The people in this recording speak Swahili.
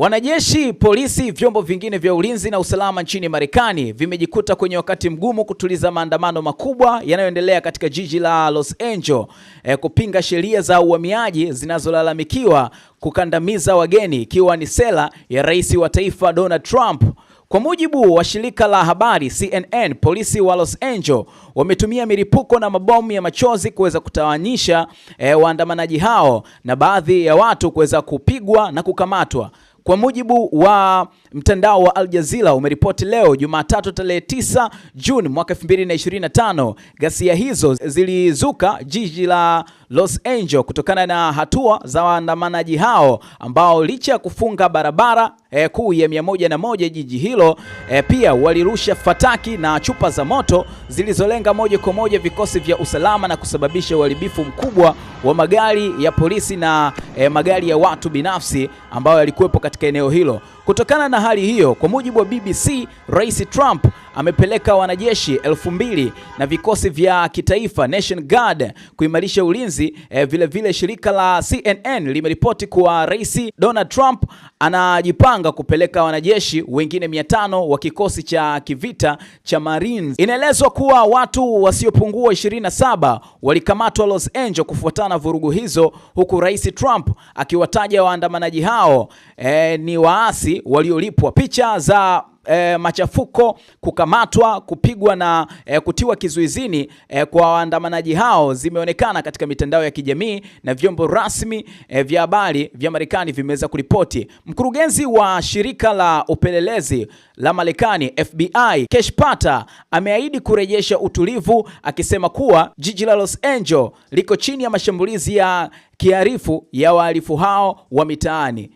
Wanajeshi, polisi, vyombo vingine vya ulinzi na usalama nchini Marekani vimejikuta kwenye wakati mgumu kutuliza maandamano makubwa yanayoendelea katika jiji la Los Angeles e, kupinga sheria za uhamiaji zinazolalamikiwa kukandamiza wageni ikiwa ni sera ya rais wa taifa Donald Trump. Kwa mujibu wa shirika la habari CNN, polisi wa Los Angeles wametumia milipuko na mabomu ya machozi kuweza kutawanyisha e, waandamanaji hao na baadhi ya watu kuweza kupigwa na kukamatwa. Kwa mujibu wa mtandao wa Al Jazeera umeripoti leo Jumatatu tarehe 9 Juni mwaka 2025, ghasia hizo zilizuka jiji la Los Angeles kutokana na hatua za waandamanaji hao ambao licha ya kufunga barabara e, kuu ya mia moja na moja jiji hilo e, pia walirusha fataki na chupa za moto zilizolenga moja kwa moja vikosi vya usalama na kusababisha uharibifu mkubwa wa magari ya polisi na e, magari ya watu binafsi ambayo yalikuwepo katika eneo hilo. Kutokana na hali hiyo, kwa mujibu wa BBC, Rais Trump amepeleka wanajeshi elfu mbili na vikosi vya kitaifa National Guard kuimarisha ulinzi hizi e, eh, vile vile shirika la CNN limeripoti kuwa Rais Donald Trump anajipanga kupeleka wanajeshi wengine 500 wa kikosi cha kivita cha Marines. Inaelezwa kuwa watu wasiopungua 27 walikamatwa Los Angeles kufuatana na vurugu hizo, huku Rais Trump akiwataja waandamanaji hao e, ni waasi waliolipwa. Picha za e, machafuko, kukamatwa, kupigwa na e, kutiwa kizuizini e, kwa waandamanaji hao zimeonekana katika mitandao ya kijamii na vyombo rasmi e, vya habari vya Marekani vimeweza kuripoti. Mkurugenzi wa shirika la upelelezi la Marekani FBI, keshpata ameahidi kurejesha utulivu akisema kuwa jiji la Los Angeles liko chini ya mashambulizi ya kiharifu ya wahalifu hao wa mitaani.